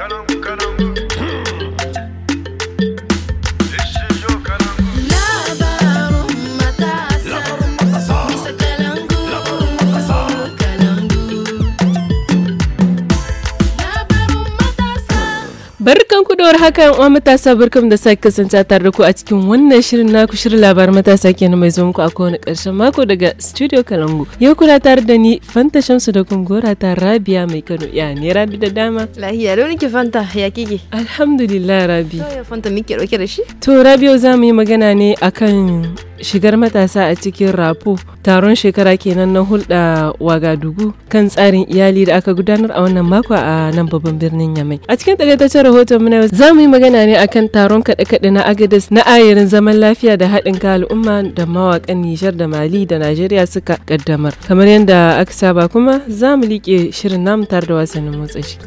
Calango, calango. Barkan ku da haka yan matasa barkan da sake kasance tare da ku a cikin wannan shirin naku shirin labarin matasa kenan mai zo muku a kowane karshen mako daga Studio Kalangu. Yau kuna tare da ni Fanta Shamsu da gora ta Rabia mai Kano. Ya ne Rabi da dama? Lahiya da nake Fanta ya kike? Alhamdulillah Rabi. To ya Fanta muke dauke da shi? To Rabi yau za mu yi magana ne akan shigar matasa a cikin rapo taron shekara kenan na hulɗa wagadugu kan tsarin iyali da aka gudanar a wannan mako a nan babban birnin yamai a cikin takaitaccen rahoton muna za mu yi magana ne akan taron kaɗe-kaɗe na agadis na ayarin zaman lafiya da haɗin ka al'umma da mawaƙan nijar da mali da najeriya suka ƙaddamar kamar yadda aka saba kuma za mu liƙe shirin namu tare da wasannin motsa shi.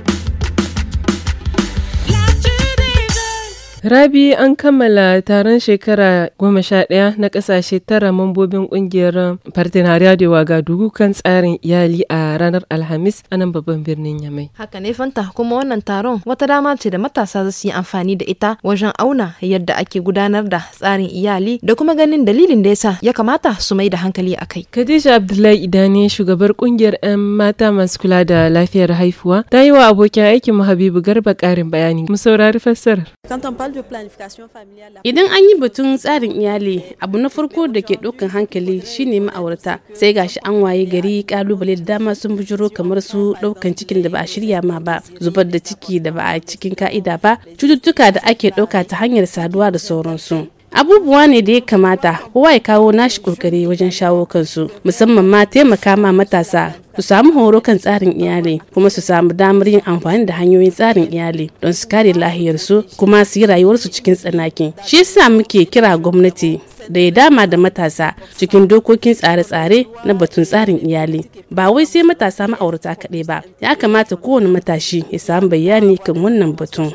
Rabi an kammala taron shekara goma sha ɗaya na ƙasashe tara mambobin ƙungiyar partenariya da ga dubu kan tsarin iyali a ranar Alhamis a nan babban birnin Yamai. Haka ne Fanta kuma wannan taron wata dama ce da matasa za su yi amfani da ita wajen auna yadda ake gudanar da tsarin iyali da kuma ganin dalilin da yasa ya kamata su mai da hankali a kai. Khadija Abdullahi Idane shugabar ƙungiyar 'yan mata masu kula da lafiyar haifuwa ta yi wa abokin aikin mu Habibu Garba ƙarin bayani mu saurari fassarar. Idan an yi batun tsarin iyali, abu na farko da ke ɗaukan hankali shine ma'aurata. Sai gashi an waye gari kalubale da dama sun bujuro kamar su ɗaukan cikin da ba a shirya ma ba, zubar da ciki da ba a cikin ka'ida ba, cututtuka da ake ɗauka ta hanyar saduwa da sauransu. abubuwa ne da ya kamata kowa ya kawo nashi kokari wajen shawo kansu musamman ma taimaka ma matasa su samu horo kan tsarin iyali kuma su samu damar yin amfani da hanyoyin tsarin iyali don su kare lahiyarsu kuma su yi rayuwarsu cikin tsanaki shi yasa muke kira gwamnati da ya dama da matasa cikin dokokin tsare-tsare na batun tsarin iyali ba wai sai matasa ma'aurata kaɗai ba ya kamata kowane matashi ya samu bayani kan wannan batun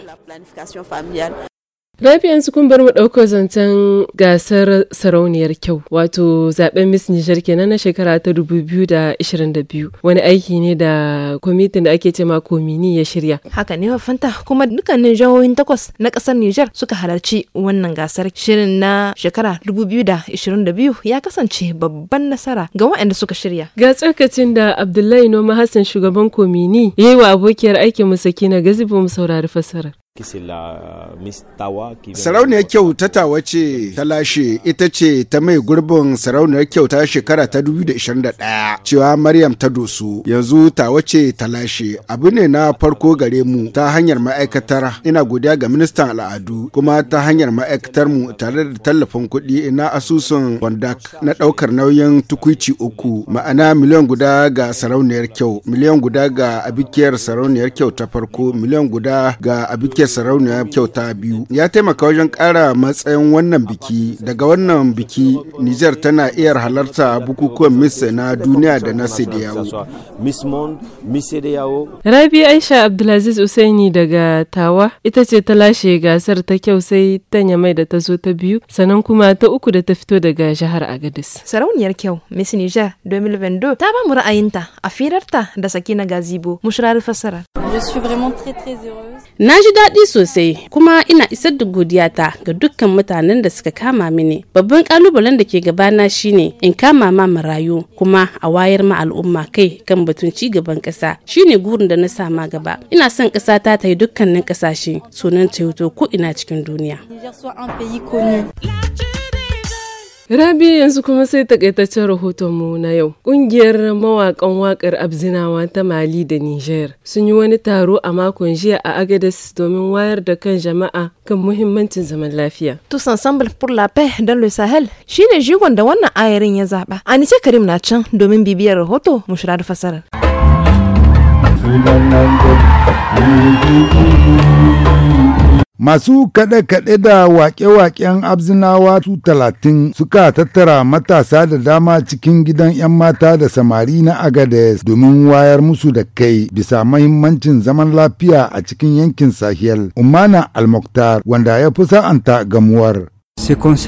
rafi yanzu kun bar mu ɗaukar zancen gasar sarauniyar kyau wato zaben Miss Nijar kenan na shekara ta 2022 wani aiki ne da kwamitin da ake cema komini ya shirya. Haka ne fanta kuma dukkanin jihohin takwas na ƙasar Nijar suka halarci wannan gasar shirin na shekara 2022 ya kasance babban nasara ga waɗanda suka shirya. Ga tsarkacin da Abdullahi Noma Hassan shugaban komini ya yi wa abokiyar aikin mu Sakina Gazibo mu saurari fassarar Uh, sarauniyar kyautata wace ta lashe ita ce ta mai gurbin sarauniyar kyauta shekara ta 2021 cewa Maryam ta dosu yanzu ta wace ta lashe abu ne na farko gare mu ta hanyar ma'aikatar ina godiya ga ministan al'adu kuma ta hanyar ma'aikatar mu tare da tallafin kuɗi na asusun wandak na ɗaukar nauyin tukuici uku ma'ana miliyan guda ga sarauniyar kyau miliyan guda ga abikiyar sarauniyar kyau ta farko miliyan guda ga abikiyar sarauniya kyauta biyu ya taimaka wajen kara matsayin wannan biki daga wannan biki niger tana iya halarta bukukuwan Missa na duniya da na Sidiyawo. Rabi Aisha Abdulaziz Usaini daga Tawa ita ce ta lashe gasar ta kyau sai Tanya Mai da ta zo ta biyu sannan kuma ta uku da ta fito daga jihar Agadis. Sarauniyar kyau Miss niger 2022 ta ba mu ra'ayinta a firarta da na Gazibo mushrar fassara Na ji daɗi sosai kuma ina isar da godiyata ga dukkan mutanen da suka kama mini. Babban ƙalubalen da ke gabana shine in kama ma marayu kuma a wayar ma al'umma kai kan batun ci gaban ƙasa shine gurin da na sama gaba. Ina son ƙasa ta ta yi dukkanin ƙasashe sunan ta ko ina cikin duniya. Rabi yanzu kuma sai takaitaccen rahoton mu na yau. Kungiyar mawakan wakar Abzinawa ta Mali da Niger sun yi wani taro a makon jiya a Agadez domin wayar da kan jama'a kan muhimmancin zaman lafiya. Tous ensemble pour la paix dans le Sahel shine jigon da wannan ayarin ya zaba. Anice Karim na can domin bibiyar rahoto mushra da fasarar. Masu kaɗe-kaɗe da waƙe-waƙen abzinawa su talatin suka tattara matasa da dama cikin gidan 'yan mata da samari na Agades domin wayar musu da kai bisa mahimmancin zaman lafiya a cikin yankin Sahel, Umana Almoktar wanda ya fi sa'anta gamuwar.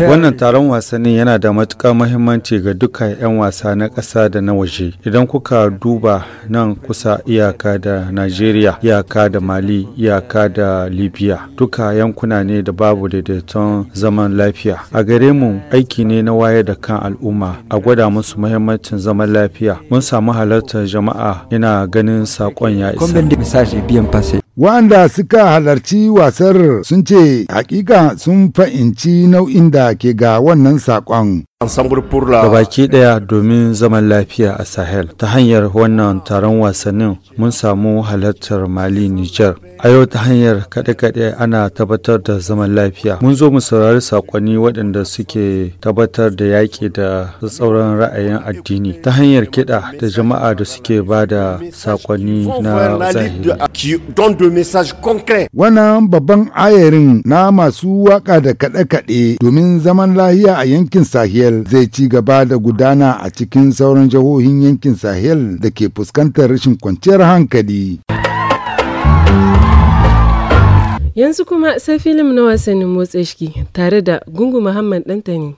Wannan taron wasannin yana da matuƙar mahimmanci ga duka 'yan wasa na ƙasa da na waje. Idan kuka duba nan kusa iyaka da Najeriya, iyaka da Mali, iyaka da Libya, duka yankuna ne da babu daidaiton zaman lafiya. A gare mu aiki ne na wayar da kan al'umma a gwada musu mahimmancin zaman lafiya. Mun samu halartar jama'a ina ganin saƙon ya isa. Wa'anda suka halarci wasar sun ce hakika sun fa'inci nau'in da ke ga wannan saƙon baki ɗaya domin zaman lafiya a Sahel ta hanyar wannan taron wasannin mun samu halartar Mali Nijar. A yau ta hanyar kaɗe-kaɗe ana tabbatar da zaman lafiya. Mun zo mu saurari saƙonni waɗanda suke tabbatar da yaƙi da tsauran ra'ayin addini ta hanyar kiɗa da jama'a da suke ba da saƙonni na zahiri. Wannan babban ayarin na masu waƙa da kaɗe-kaɗe domin zaman lafiya a yankin Sahel. sahel zai ci gaba da gudana a cikin sauran jihohin yankin sahel da ke fuskantar rashin kwanciyar hankali yanzu kuma sai filim na wasannin motsa shi tare da gungu muhammad dantani.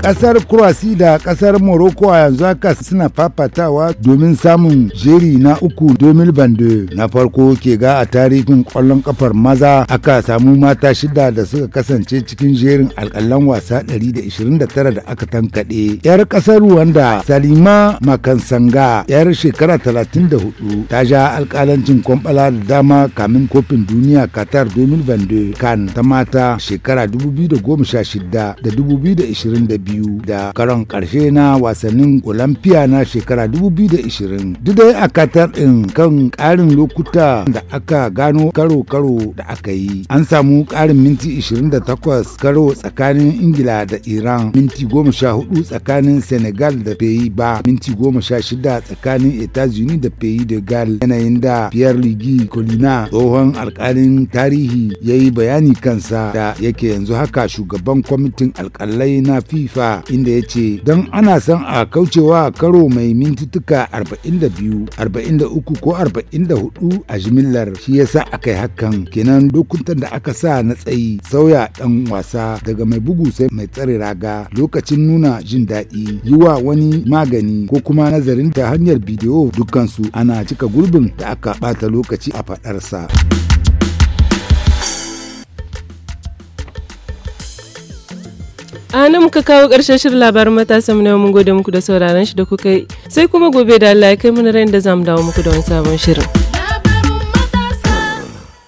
Ƙasar Kurasi da ƙasar Morocco a yanzu haka suna fafatawa domin samun jeri na uku domin bande na farko ke ga a tarihin ƙwallon kafar maza aka samu mata shida da suka kasance cikin jerin alƙalan wasa 129 da aka tankaɗe. 'Yar ƙasar Rwanda Salima Makansanga 'yar shekara 34 ta ja alƙalancin kwamfala da dama kamin kofin duniya Qatar 2022 kan ta mata shekara 2016 da 2022 biyu da karon karshe na wasannin olympia na shekara 2020 duk dai a katar din kan karin lokuta da aka gano karo-karo da aka yi an samu karin minti 28 karo tsakanin ingila da iran minti 14 tsakanin senegal da peyi ba minti 16 tsakanin etats unis da peyi da gal yanayin da pierre ligi colina tsohon alkalin tarihi ya yi bayani kansa da yake yanzu haka shugaban kwamitin alkalai na fifa fifa inda ya ce don ana son a kaucewa karo mai mintituka 42 43 ko 44 a jimillar shi yasa aka yi hakan kenan lokutan da aka sa na tsayi sauya dan wasa daga mai bugu sai mai tsare raga lokacin nuna jin daɗi yi wa wani magani ko kuma nazarin ta hanyar bidiyo dukansu ana cika gurbin da aka bata lokaci a faɗarsa. a nan muka kawo ƙarshen shirin labarin matasan na mun gode muku da sauraron shi da kuka yi sai kuma gobe da Allah ya kai mana ran da zamu dawo muku da wani sabon shirin